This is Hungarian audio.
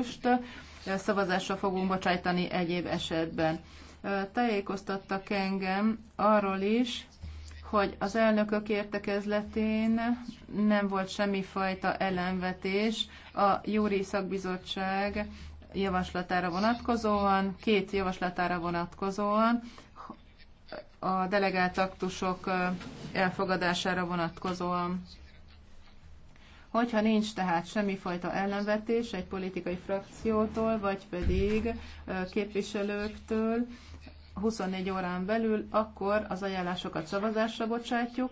most szavazásra fogunk bocsájtani egyéb esetben. Tájékoztattak engem arról is, hogy az elnökök értekezletén nem volt semmifajta ellenvetés a Júri Szakbizottság javaslatára vonatkozóan, két javaslatára vonatkozóan, a delegált aktusok elfogadására vonatkozóan. Hogyha nincs tehát semmifajta ellenvetés egy politikai frakciótól, vagy pedig képviselőktől, 24 órán belül, akkor az ajánlásokat szavazásra bocsátjuk,